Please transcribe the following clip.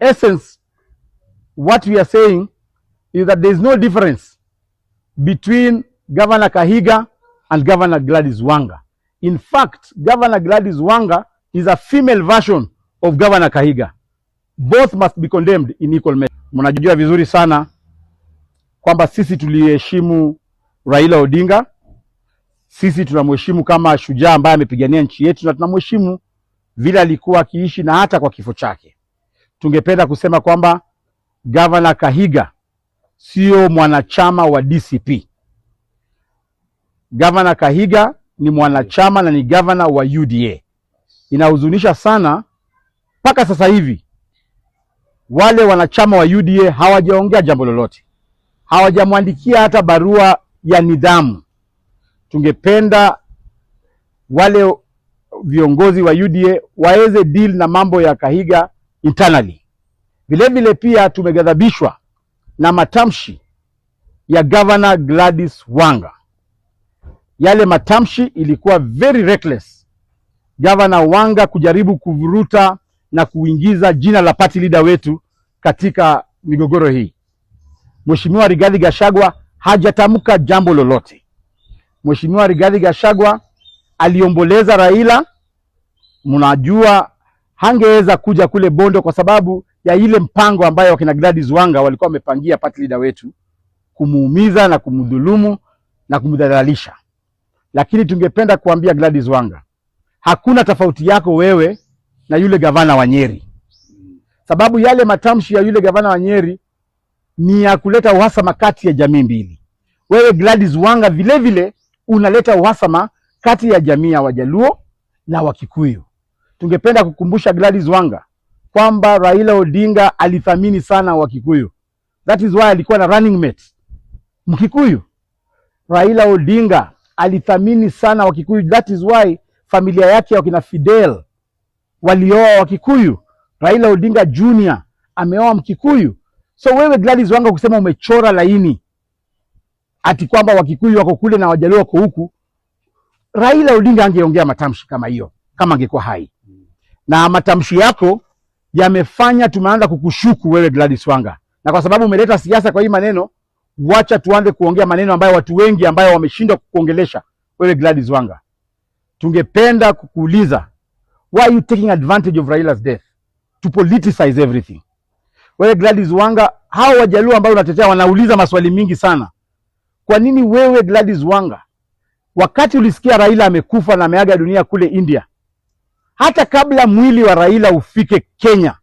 essence, what we are saying is that there is no difference between Governor Kahiga and Governor Gladys Wanga. In fact, Governor Gladys Wanga is a female version of Governor Kahiga. Both must be condemned in equal measure. Mnajua vizuri sana kwamba sisi tuliheshimu Raila Odinga, sisi tunamheshimu kama shujaa ambaye amepigania nchi yetu na tunamheshimu vile alikuwa akiishi na hata kwa kifo chake tungependa kusema kwamba Gavana Kahiga sio mwanachama wa DCP. Gavana Kahiga ni mwanachama na ni gavana wa UDA. Inahuzunisha sana mpaka sasa hivi wale wanachama wa UDA hawajaongea jambo lolote, hawajamwandikia hata barua ya nidhamu. Tungependa wale viongozi wa UDA waweze deal na mambo ya Kahiga internally. Vilevile pia tumeghadhabishwa na matamshi ya Governor Gladys Wanga. Yale matamshi ilikuwa very reckless. Governor Wanga kujaribu kuvuruta na kuingiza jina la party leader wetu katika migogoro hii. Mheshimiwa Rigathi Gachagua hajatamka jambo lolote. Mheshimiwa Rigathi Gachagua aliomboleza Raila, mnajua hangeweza kuja kule Bondo kwa sababu ya ile mpango ambayo wakina Gladys Wanga walikuwa wamepangia party leader wetu kumuumiza na kumdhulumu na kumdhalalisha. Lakini tungependa kuambia Gladys Wanga, hakuna tofauti yako wewe na yule gavana wa Nyeri, sababu yale matamshi ya yule gavana wa Nyeri ni ya kuleta uhasama kati ya jamii mbili. Wewe Gladys Wanga vile vile unaleta uhasama kati ya jamii ya Wajaluo na Wakikuyu. Tungependa kukumbusha Gladys Wanga kwamba Raila Odinga alithamini sana Wakikuyu. That is why alikuwa na running mate Mkikuyu. Raila Odinga alithamini sana Wakikuyu. That is why familia yake ya wakina Fidel walioa Wakikuyu. Raila Odinga Junior ameoa Mkikuyu. So wewe Gladys Wanga kusema umechora laini ati kwamba Wakikuyu wako kule na Wajaluo wako huku, Raila Odinga angeongea matamshi kama hiyo kama angekuwa hai, na matamshi yako yamefanya tumeanza kukushuku wewe Gladys Wanga, na kwa sababu umeleta siasa kwa hii maneno, wacha tuanze kuongea maneno ambayo watu wengi ambayo wameshindwa kukuongelesha wewe Gladys Wanga. Tungependa kukuuliza why are you taking advantage of Raila's death to politicize everything? Wewe Gladys Wanga, hao wajaluo ambao unatetea wanauliza maswali mingi sana. Kwa nini wewe Gladys Wanga, wakati ulisikia Raila amekufa na ameaga dunia kule India, hata kabla mwili wa Raila ufike Kenya